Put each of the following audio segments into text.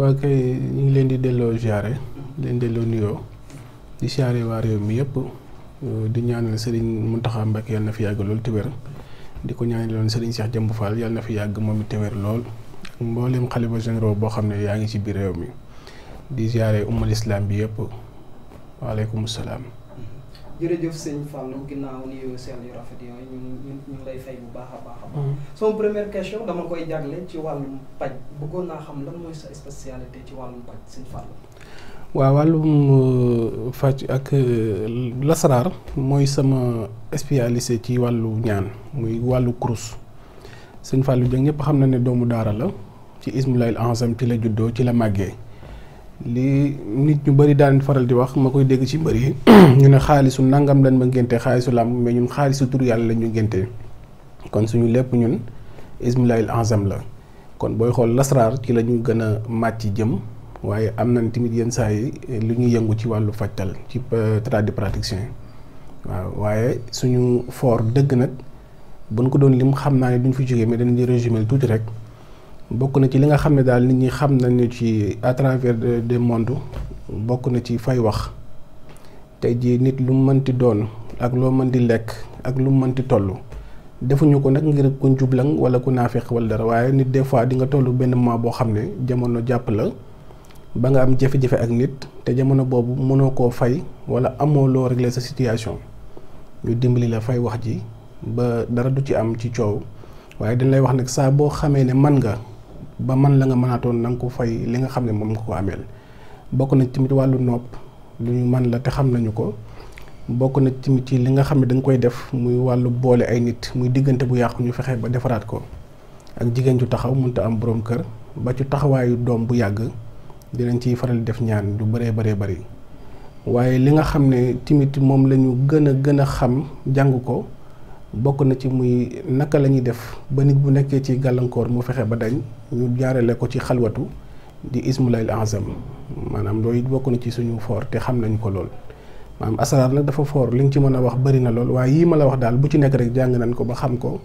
waa kay ñu ngi leen di delloo ziare leen delloo nuyoo di ziare waa réew mi yëpp euh, di ñaanal Serigne Mountakha Mbacké yàlla na fi yàgg loolu te wér di ko ñaanaloon Serigne Cheikh Jëmb Fall yàlla na fi yàgg moom te wér lool ak mboolem xalifa généraux boo xam ne yaa ngi ci biir réew mi di ziare ummal islam bi yëpp waaleykum salaam. jërëjëf sëñ Fallou ginnaaw seen yu rafet yooyu ñu ñu lay fay bu baax a baax a baax. Mm-hmm. sama première question dama koy jagle ci wàllum paj bëggoon naa xam lan mooy sa spécialité ci wàllum paj sëñ Fallou. waaw wàllum euh, faj euh, mooy sama spécialité ci wàllu ñaan muy wàllu kurus sëñ Fallou Dieng ñëpp xam na ne doomu daara la ci ismu laayil ansam ci la juddoo ci la màggee. li nit ñu bari daan faral di wax ma koy dégg ci mbër yi ñu ne xaalisu nangam lan ma ngénte xaalisu làmb mais ñun xaalisu tur yàlla la ñu ngénte kon suñu lépp ñun ismilahil azam la kon booy xool lasraar ci la ñu gën a màcc jëm waaye am nañ tamit yenn saa yi lu ñuy yëngu ci wàllu fajtal ci euh, tradipraticien waaw waaye suñu foor dëgg nag buñ ko doon lim xam naa ne duñ fi jógee mais dañ di résumer tuuti rek bokk na ci li nga xam ne daal nit ñi xam nañu ci à travers des mondes bokk na ci fay wax tey jii nit lu mu mënti doon ak loo mën di lekk ak lu mu mënti toll defuñu ko nag ngir ku jublang wala ku naafeq wala dara waaye nit des fois di nga toll benn moment boo xam ne jamono jàpp la ba nga am jafe-jafe ak nit te jamono boobu mënoo koo fay wala amoo loo régler sa situation ñu dimbali la fay wax ji ba dara du ci am ci coow waaye dañ lay wax nag saa boo xamee ne man nga. ba man la nga mënaatoon na ko fay li nga xam ne moom nga ko ameel bokk nañ tamit wàllu nopp lu man la te xam nañu ko bokk na tamit ci li nga xam ne da koy def muy wàllu boole ay nit muy diggante bu yàqu ñu fexe ba defaraat ko ak jigéen ju taxaw mënta am boroom kër ba ci taxawaayu doom bu yàgg dinañ ciy faral def ñaan du bëree bëree bëri waaye li nga xam ne tamit moom la gën a gën a xam jàng ko bokk na ci muy naka la ñuy def ba nit bu nekkee ci gàllankoor mu fexe ba dañ ñu jaarale ko ci xalwatu di ismulahil azam maanaam loolu it bokk na ci suñu foor te xam nañ ko lool maanaam asraar nag dafa foor li nga ci mën a wax bari na lool waaye yii ma la wax daal bu ci nekk rek jàng nañ ko ba xam ko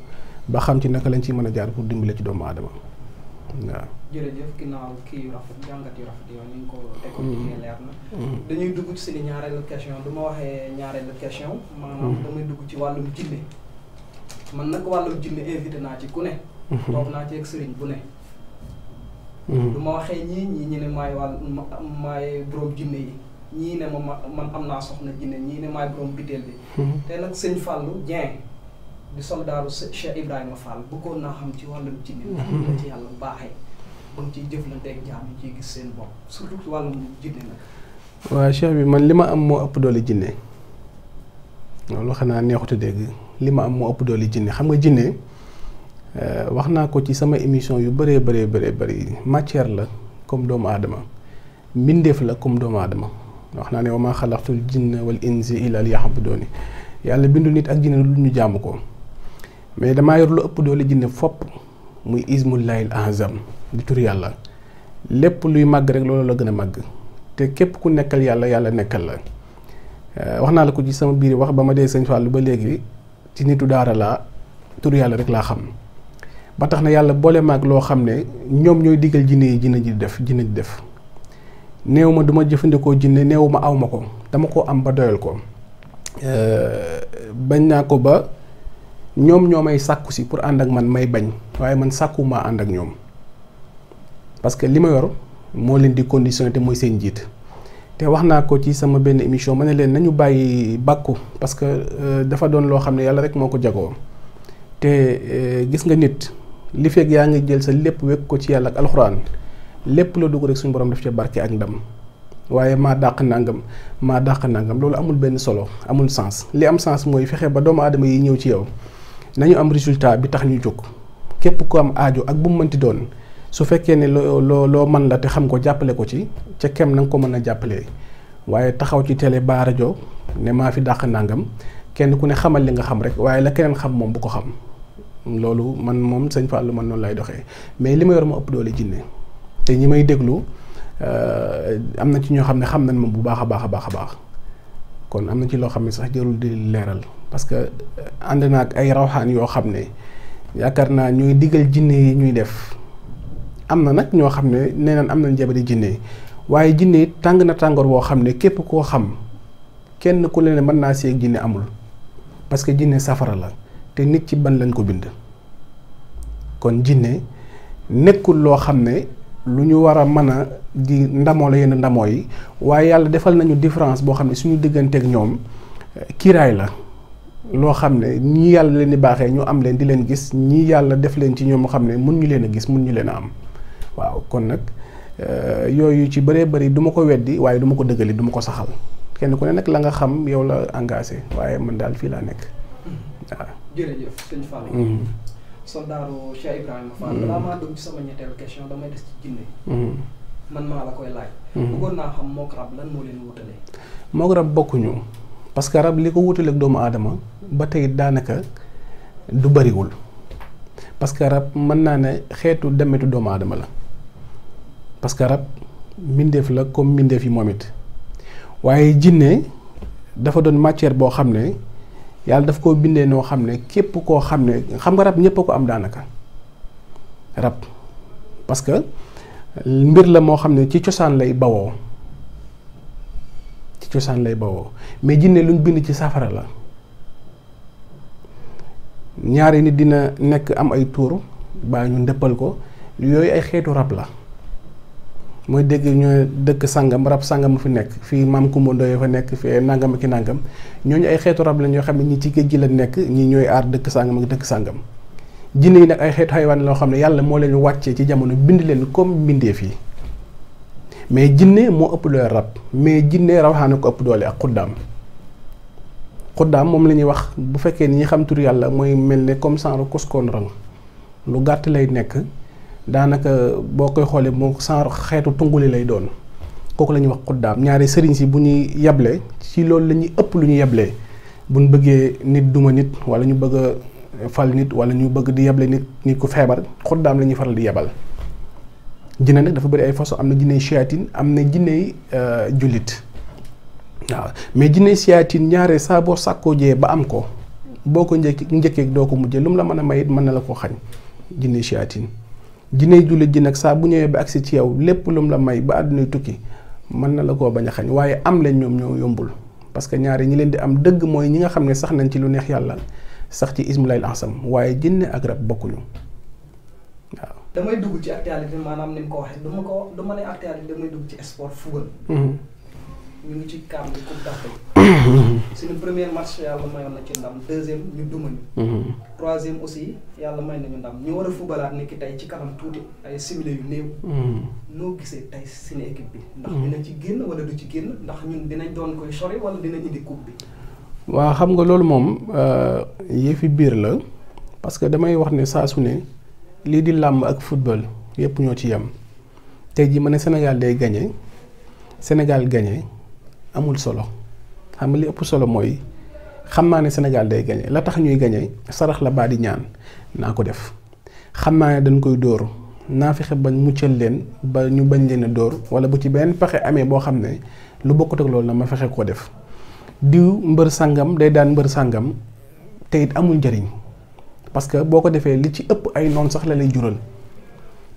ba xam ci naka lañ ci mën a jaar pour dimbale ci doomu aadama waaw. jërëjëf ginnaaw kii yu rafet jàngat yu rafet yow ni ko décortiquer mm-hmm. leer na. Mm-hmm. dañuy dugg ci suñu ñaareelu question du ma waxee ñaareelu question. maanaam mm-hmm. damay dugg ci wàllum jinne man nag wàllum naa ci ku ne. naa ci du mhm. ma waxee ñii ñii ñu ne maay wàll maay borom jinne yi ñii ne ma man am naa soxna jinne ñii ne maay borom biteel bi mhm. te nag sëñ Fallou Dieng di soldaaru Cheikh Ibrahima Fall bëggoon naa xam ci wàll jinne la mhm. ci yàlla baaxee ba nga ciy jëflanteeg jaam yi ciy gis seen bopp surtout wàll wàllum jinne nag waaw Cheikh bi man li ma am moo ëpp doole jinne loolu xanaa neexut a dégg li ma am moo ëpp doole jinne xam nga jinne Euh, wax naa ko ci sama émission yu bëree bëree bëree bëri matière la comme doomu aadama mbindeef la comme doomu aadama wax naa ne wa maa xalaqtul jinna wal insa illa liya'buduun yàlla bindu nit ak jinne lu ñu jaamu ko mais dama yor lu ëpp doole jinne fopp muy ismullahil azam di tur yàlla lépp luy màgg rek loolu la gën a màgg te képp ku nekkal yàlla yàlla nekkal la euh, wax naa la ko ci sama biir wax ba ma dee sëñ Fallou ba léegi ci nitu daara laa tur yàlla rek laa xam ba tax na yàlla boole ak loo xam ne ñoom ñooy digal jinne yi jinne ji def jinne ji def néew ma duma jëfandikoo jinne néew ma aw ma ko dama ko am ba doyal ko bañ naa ko ba ñoom ñoo may sàkku si pour ànd ak man may bañ waaye man sàkkumaa ànd ak ñoom parce que li ma yor moo leen di condition te mooy seen njiit te wax naa ko ci sama benn émission ma ne leen nañu bàyyi bàkku parce que euh, dafa doon loo xam ne yàlla rek moo ko jagoo te euh, gis nga nit li fekk yaa ngi jël sa lépp wekk ko ci yàlla ak alxuraan lépp la dugg rek suñu borom daf ci barke ak ndam waaye maa dàq nangam maa dàq nangam loolu amul benn solo amul sens li am sens mooy fexe ba doomu aadama yi ñëw ci yow nañu am résultat bi tax ñu jóg képp ko am aajo ak bu mu mënti doon su fekkee ne loo loo loo mën la te xam ko jàppale ko ci ca kem na nga ko mën a jàppalee waaye taxaw ci télé ba rajo ne maa fi dàq nangam kenn ku ne xamal li nga xam rek waaye la keneen xam moom bu ko xam. loolu man moom sëñ Fallou man noonu lay doxee mais li ma yor ma ëpp doole jinne te ñi may déglu euh, am na ci ñoo xam ne xam nañ ma bu baax a baax a baax a baax kon am na ci loo xam ne sax jarul di leeral parce que euh, ànd naa ak ay rawxaan yoo xam ne yaakaar naa ñooy digal jinne yi ñuy def am na nag ñoo xam ne nee naan am nañ jabari jinne waaye jinne tàng na tàngoor woo xam ne képp koo xam kenn ku leen mën naa seeg jinne amul parce que jinne safara la te nit ci ban lañ ko bind kon jinne nekkul loo xam ne lu ñu war a mën a di ndamoo la yenn ndamoo yi waaye yàlla defal nañu différence boo xam ne suñu digganteek ñoom eh, kiiraay la loo xam ne ñii yàlla leen di baaxee ñu am leen di leen gis ñii yàlla def leen ci ñoom moo xam ne mun ñu leen a gis mun ñu leen a am waaw kon nag eh, yooyu ci bëree bëri duma ko weddi waaye du ko dëggali duma ko saxal kenn ku ne nag la nga xam yow la engagé waaye mën daal fii laa nekk jërëjëf sëñ mm. soldaaru Cheikh Ibrahima Fall. Mm. balaa maa dugg ci sama ñetteelu question damay des ci jinne mm. man maa la koy laaj. bëggoon naa xam mook rab lan moo leen wutalee. mook rab bokkuñu parce que rab li ko wutaleeg doomu aadama ba tey daanaka du bariwul parce que rab mën naa ne xeetu demetu doomu aadama la parce que rab mbindeef la comme mbindeef yi moom it waaye jinne dafa doon matière boo xam ne. yàlla daf koo bindee noo xam ne képp koo xam ne xam nga rab ñëpp a ko am daanaka rab parce que mbir la moo xam ne ci cosaan lay bawoo ci cosaan lay bawoo mais jinne luñ bind ci safara la ñaari nit dina nekk am ay tuur baa ñu ndëppal ko yooyu ay xeetu rab la mooy dégg ñoo dëkk sàngam rab sàngam fi nekk fii maam Kumba Ndoye fa nekk fi nangam ki nàngam nangam ñooñu ay xeetu rab lañ yoo xam ne ñi ci géej gi la nekk ñi ñooy aar dëkk sàngam ak dëkk sàngam jinne yi nag ay xeetu xayawaan loo xam ne yàlla moo leen wàccee ci jamono bind leen comme mbindeef yi mais jinne moo ëpp doole rab mais jinne rawaxaane ko ëpp doole ak xuddaam xuddaam moom la ñuy wax bu fekkee ni ñi xam tur yàlla mooy mel ne comme genre koskoon rang lu gàtt lay nekk daanaka boo koy xoolee moom sans xeetu tunguli lay doon kooku la ñuy wax xuddaam ñaari sëriñ si bu ñuy yeble ci loolu la ñuy ëpp lu ñu yeblee bu ñu bëggee nit duma nit wala ñu bëgg fal nit wala ñu bëgg di yeble nit nit ku feebar xuddaam lañuy faral di yebal. jinne nag dafa bëri ay façon am na jinne siyaatin am na jinne euh, jullit waaw mais jinne siyaatin ñaare saa boo sàkkoo jee ba am ko boo ko njëkk njëkkee doo ko mujjee lu mu la mën a may it mën na la ko xañ jinne siyaatin jiney jullit ji nag saa bu ñëwee ba agsi ci yow lépp lu la may ba àdduna tukki mën na la koo bañ a xañ waaye am leen ñoom ñoo yombul parce que ñaari ñi leen di am dëgg mooy ñi nga xam ne sax nañ ci lu neex yàlla sax ci ismulaay ansam waaye jinne ak rab bokkuñu waaw. damay dugg ci actualité maanaam ni mu ko waxee du ma ko du ma ne actualité damay dugg ci sport football. Mm-hmm. ñu ngi ci kàmm bi coupe d'Afrique suñu premier match yàlla mayoon na ci ndam deuxième ñu duma ñu mm-hmm. troisième aussi yàlla may nañu ndam ñu war a fubalaat ni ki tey ci kanam tuuti ay simile yu néew mm-hmm. noo gisee tey seen équipe bi ndax mm-hmm. dina ci génn wala du ci génn ndax ñun dinañ doon koy sori wala dinañ indi coupe bi waaw xam nga loolu moom euh, yi fi biir la parce que damay wax ne saa su ne lii di làmb ak football yëpp ñoo ci yem tey ji ma ne Sénégal day gagné Sénégal gagné amul solo xam nga li ëpp solo mooy xam naa ne senegal day gañe la tax ñuy gañe sarax la baa di ñaan naa ko def xam naa ne dañ koy dóor naa fexe ba muccal leen ba ñu bañ leen a dóor wala bu ci benn pexe amee boo xam ne lu bokkut ak loolu na ma fexe koo def diw mbër sàngam day daan mbër sàngam te it amul njariñ parce que boo ko defee li ci ëpp ay noon sax la lay jural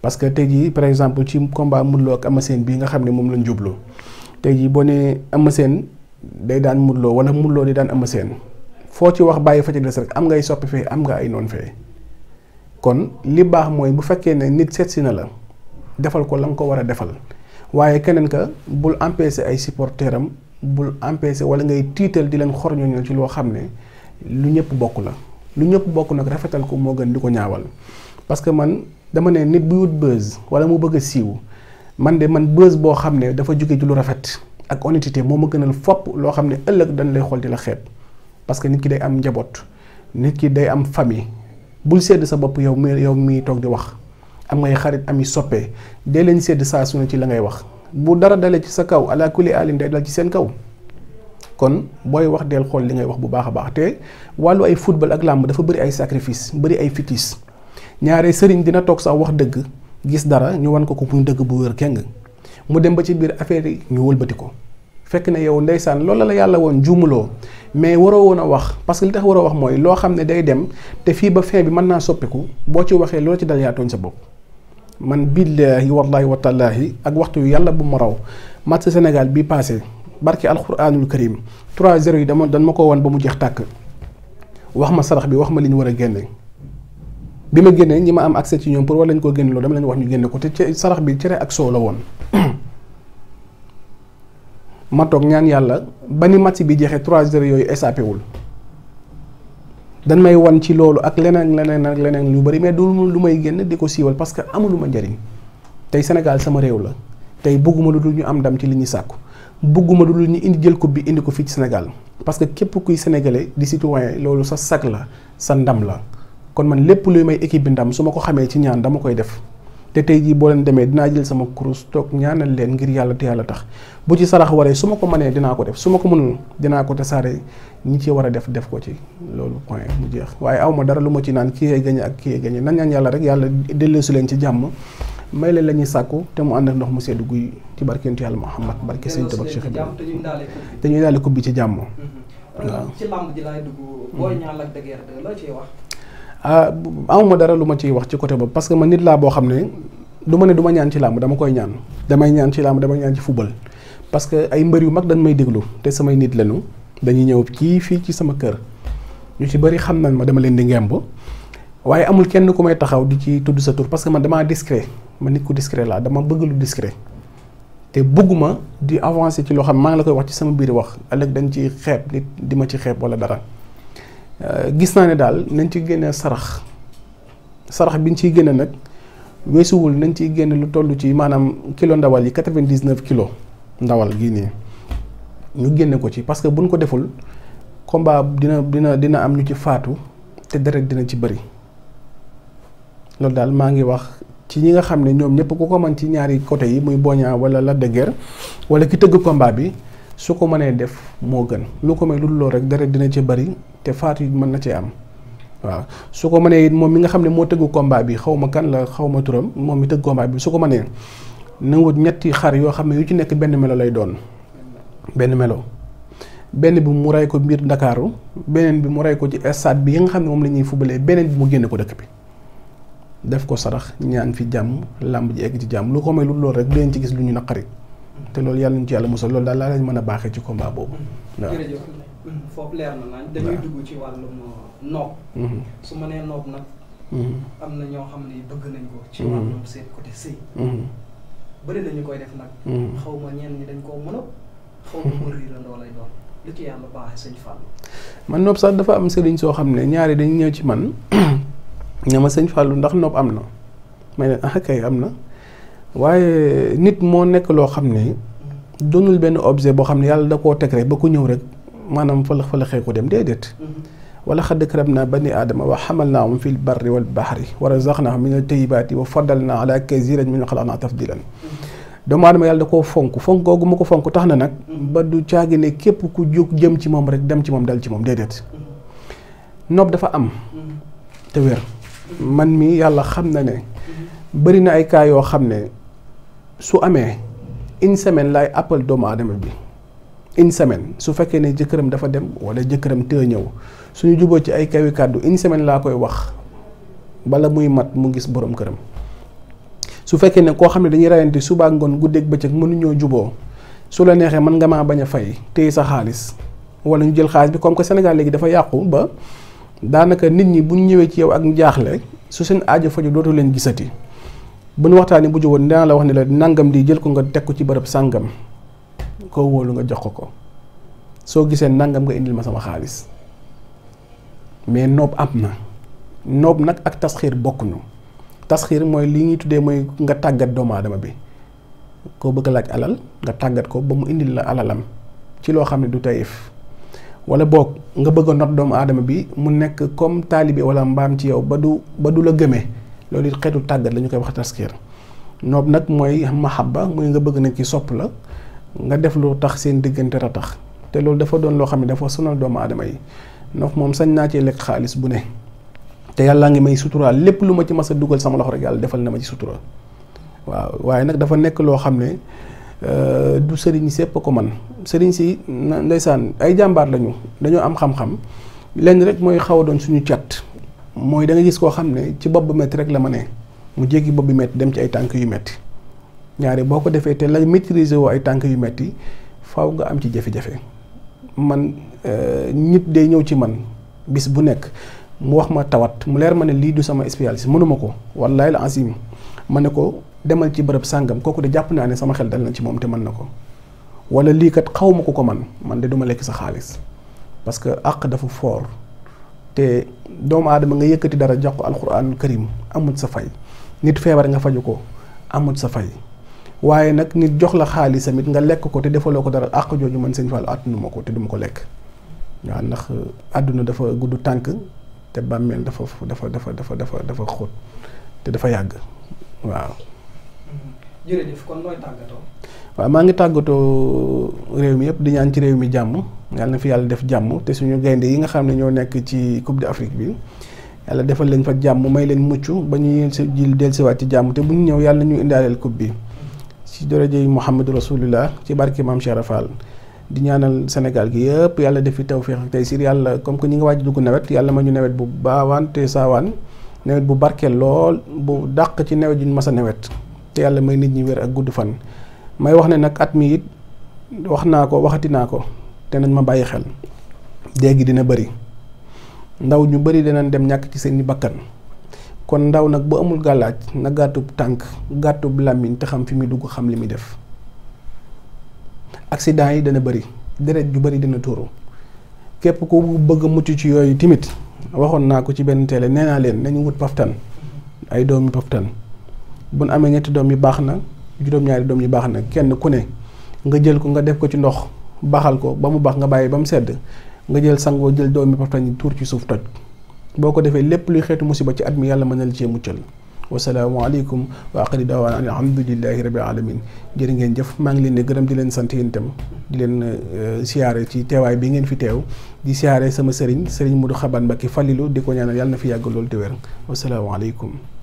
parce que tey jii par exemple ci combat Modou Lo ak Ama Sène bii nga xam ne moom lañu jubloo tey jii boo nee Eumeu Sène day daan Modou Lô wala Modou Lô day daan Eumeu foo ci wax bàyyi fa ci des am ngay soppi fee am nga ay noon fee kon li baax mooy bu fekkee ne nit seet si na la defal ko la nga ko war a defal waaye keneen ka bul empêcher ay supporteurs am bul empêcher wala ngay tiital di leen xorñoñal ci loo xam ne lu ñëpp bokk la lu ñëpp bokk nag rafetal ko moo gën di ko ñaawal parce que man dama ne nit buy wut buzz wala mu bëgg a siiw man de man bës boo xam ne dafa jóge ci lu rafet ak honnêteté moo ma gënal fopp loo xam ne ëllëg dañ lay xool di la xeeb parce que nit ki day am njaboot nit ki day am famille bul sedd sa bopp yow muy yow mi toog di wax am ngay xarit ami soppee dee leen sedd saa su ci la ngay wax bu dara dalee ci sa kaw ala kulli alin day dal ci seen kaw kon booy wax del xool li ngay wax bu baax a baax te wàllu ay football ak làmb dafa bëri ay sacrifice bëri ay fitis ñaare sëriñ dina toog sax wax dëgg gis dara ñu wan ko ko muy dëgg bu wér keng mu dem ba ci biir affaire yi ñu wëlbati ko fekk na yow ndeysaan loolu la la yàlla woon juumuloo mais waroo woon a wax parce que li tax waroo wax mooy loo xam ne day dem te fii ba fin bi mën naa soppiku boo ci waxee loolu ci dal yaa tooñ sa bopp. man billaahi wallaahi watallaahi ak waxtu yu yàlla bu ma raw match Sénégal bi passé barki alxuraanul karim trois 0 yi dama dan ma ko woon ba mu jeex tàkk wax ma sarax bi wax ma li ñu war a génne. bi ma génnee ñi ma am accès ci ñoom pour war lañ koo génne loolu dama leen wax ñu génne ko te sarax bi cere ak soow la woon ma ñaan yàlla ba ni match bi jeexee trois heures yooyu échappé wul dañ may wan ci loolu ak leneen leneen ak leneen yu bari mais du lu may génn di ko siiwal parce que amuluma njariñ tey Sénégal sama réew la tey bëgguma lu dul ñu am ndam ci li ñuy sàkku bëgguma du dul ñu indi jël coupe bi indi ko fii ci Sénégal parce que képp kuy sénégalais di citoyen loolu sa la sa ndam la. kon man lépp luy may équipe bi ndam su ma ko xamee ci ñaan dama koy def te tey jii boo leen demee dinaa jël sama kurus toog ñaanal leen ngir yàlla te yàlla tax bu ci sarax waree su ma ko mënee dinaa ko def su ma ko mënul dinaa ko tasaare ñi ci war a def def ko ci loolu point mu jeex waaye awma dara lu ma ci naan kiyee gañe ak kiyee gañe nan ñaan yàlla rek yàlla delleesu leen ci jàmm may leen la ñuy sàkku te mu ànd ak mu sedd guy ci barkentu yàlla Muhammad barke sëñ Tuubaa Cheikh Ibrahima dañuy daal di kubbi ci jàmm mm-hmm. waaw ci làmb ji laay dugg mm-hmm. booy ñaan ak dëgër loo amuma ah, dara lu ma ciy wax ci côté boobu parce que man nit laa boo xam ne lu ma ne duma ñaan ci làmb dama koy ñaan damay ñaan ci làmb damay ñaan ci football parce que ay mbër yu mag dañ may déglu te samay nit lañu dañuy ñëw ci fii ci sama kër ñu ci bëri xam nañ ma dama leen di ngemb waaye amul kenn ku may taxaw di ci tudd sa tur parce que man damaa discret man nit ku discret laa dama bëgg lu discret te bëgguma di avancer ci loo xam maa ngi la koy wax ci sama biir wax ëllëg dañ ci xeeb nit di ma ci xeeb wala dara. Euh, gis naa ne daal nañ ci génne sarax sarax bi ñu ciy génne nag weesuwul nañ ciy génne lu toll ci maanaam kilo ndawal yi quatre-vingt-dix-neuf kilos ndawal gii nii ñu génne ko ci parce que buñ ko deful combat dina dina dina am ñu ci faatu te deret dina ci bëri loolu daal maa ngi wax ci ñi nga xam ne ñoom ñëpp ku ko man ci ñaari côté yi muy Boña wala la de Guiers wala ki tëgg combat bi. su ko mënee def moo gën lu ko may lu loolu rek deret dina cee bari te faatu yi mën na cee am waaw su ko mënee it moom mi nga xam ne moo tëggu combat bi xaw ma kan la xaw ma turam moom mi tëgg combat bi su ko mënee na ñetti xar yoo xam ne yu ci nekk benn melo lay doon benn melo benn bi mu rey ko biir ndakaaru beneen bi mu rey ko ci stade bi yi nga xam ne moom la ñuy fubalee beneen bi mu génne ko dëkk bi def ko sarax ñaan fi jàmm làmb ji egg ci jàmm lu ko may lu loolu rek leen ci gis lu ñu naqari te loolu yàlla nañu ci yàlla musal loolu daal laa lañ mën a baaxee ci combat boobu mm-hmm. waaw jërëjëf mm-hmm. foofu leer na naan dañuy dugg ci wàllum uh, noob mm-hmm. su ma nee nag am na ñoo xam ne bëgg nañ ko ci wàllum seen côté sëy koy def nag xaw ma ñeen ñi a xaw ma man noob sax dafa am sëriñ soo xam ne ñaari dañ ñëw ci man ña ma sëñ Fallu ndax noob am na may leen ah am na waaye nit moo nekk loo xam ne doonul benn objet boo xam ne yàlla da koo teg rek ba ku ñëw rek maanaam fële fële ko dem déedéet. wala xadd karam naa bani aadama wa xamal naahum fi lbarri wal baxri wa razaqnaahum min altayibaati wa faddal naa ala kasiran min xalaq naa tafdilan doomu aadama yàlla koo fonk fonk ma ko fonk tax na nag ba du caagi ne képp ku jóg jëm ci moom rek dem ci moom dal ci moom déedéet dafa am man mi yàlla xam na ne bëri na ay cas yoo xam ne su amee une semaine laay appel doomu aadama bi une semaine su fekkee ne jëkkëram dafa dem wala jëkkëram tëë ñëw suñu juboo ci ay kawi kàddu une semaine laa koy wax bala muy mat mu gis borom këram su fekkee ne koo xam ne dañuy reyante suba ngoon guddeeg bëccëg mënuñoo juboo su la neexee mën nga maa bañ a fay téye sa xaalis wala ñu jël xaalis bi comme que Sénégal léegi dafa yàqu ba daanaka nit ñi bu ñëwee ci yow ak njaaxle su seen aajo faju dootu leen gisati. ba nu waxtaanee bu jëwoon dinaa la wax ne la nangam di jël ko nga teg ko ci bërëb sàngam koo wóolu nga jox ko ko soo gisee nangam nga indil ma sama xaalis mais noob am na noob nag ak tasxiir bokkuñu tasxiir mooy lii ñuy tuddee mooy nga tàggat doomu aadama bi koo bëgg laaj alal nga tàggat ko ba mu indil la alalam ci loo xam ne du tayif wala boog nga bëgg a not doomu aadama bi mu nekk comme taalibe wala mbaam ci yow ba du ba du la gëme loolu it xeetu tàggat la ñu koy wax taskiir noob nag mooy ba muy nga bëgg nit ki sopp la nga def lu tax seen diggante ratax te loolu dafa doon loo xam ne dafa sonal doomu aadama yi noof moom sañ naa cee lekk xaalis bu ne te yàlla ngi may suturaal lépp lu ma ci mas a dugal sama loxo rek yàlla defal na ma ci sutura waaw waaye nag dafa nekk loo xam ne euh, du sëriñ sépp ko man sëriñ si ndeysaan ay jàmbaar lañu dañoo am xam-xam lenn rek mooy xaw doon suñu cat mooy da gis koo xam ne ci bopp bu métti rek la ma ne mu jéggi bopp bu métti dem ci ay tànk yu métti ñaare boo ko defee te la maîtriser woo ay tànk yu métti faw nga am ci jafe-jafe man euh, nit day ñëw ci man bis bu nekk mu wax ma tawat mu leer ma ne lii du sama spécialiste mënuma ko wallahi la asim ma ne ko demal ci bërëb sàngam kooku de jàpp naa ne sama xel dal na ci moom te man na ko wala lii kat xaw ma ko ko man man de duma lekk sa xaalis parce que àq dafa fort. te doomu aadama nga yëkkati dara jox ko alxuraanul karim amul sa fay nit feebar nga faju ko amul sa fay waaye nag nit jox la xaalis tamit nga lekk ko te defaloo ko dara àq jooju man sëñ Fallu àttanuma ko te duma ko lekk waaw ndax euh, àdduna dafa gudd tànk te bàmmeel dafa dafa dafa dafa dafa dafa xóot te dafa yàgg waaw jërëjëf kon waaw maa ngi tàggatoo réew mi yëpp di ñaan ci réew mi jàmm yàlla na fi yàlla def jàmm te suñu gaynde yi nga xam ne ñoo nekk ci coupe d'Afrique bi yàlla defal leen fa jàmm may leen mucc ba ñu yéen si jil dellusiwaat ci jàmm te bu ñu ñëw yàlla ñu indaaleel coupe bi ci daraja yi Muhammadu Rasulullah ci barke Maam Cheikh di ñaanal senegal gi yëpp yàlla defi fi tawféex tey taysiir yàlla comme que ñi nga waaj dugg nawet yàlla ma ñu nawet bu baawaan te nawet bu barkeel lool bu dàq ci nawet yu ñu nawet te yàlla may nit ñi wér ak gudd fan may wax ne nag at mi it wax naa ko waxati naa ko te nañ ma bàyyi xel dégg dina bari ndaw ñu bëri danañ dem ñàkk ci seeni bakkan kon ndaw nag bu amul gàllaaj na gàttub tànk gàttub làmmiñ te xam fi muy dugg xam li muy def accident yi dana bëri deret ju bari dina tuuru képp ku bëgg a mucc ci yooyu timit waxoon naa ko ci benn télé nee naa leen nañu wut paftan ay doomi paftan bu nu amee ñetti doom yi baax na juróom-ñaari doom yi baax na kenn ku ne nga jël ko nga def ko ci ndox baaxal ko ba mu baax nga bàyyi ba mu sedd nga jël sangoo jël doomi paftan yi tuur ci suuf toj boo ko defee lépp luy xeetu musiba ci at mi yàlla mën na la cee muccal wasalaamaaleykum wa aqli dawaan an alhamdulilahi rabil alamin jërë ngeen jëf maa ngi leen di gërëm di leen sant yéen itam di leen euh, siyaare ci teewaay bi ngeen fi teew di siyaare sama sëriñ sëriñ Modou Xaban Mbacke Fallilu di ko ñaanal yàlla na fi yàgg loolu te wér wasalaamaaleykum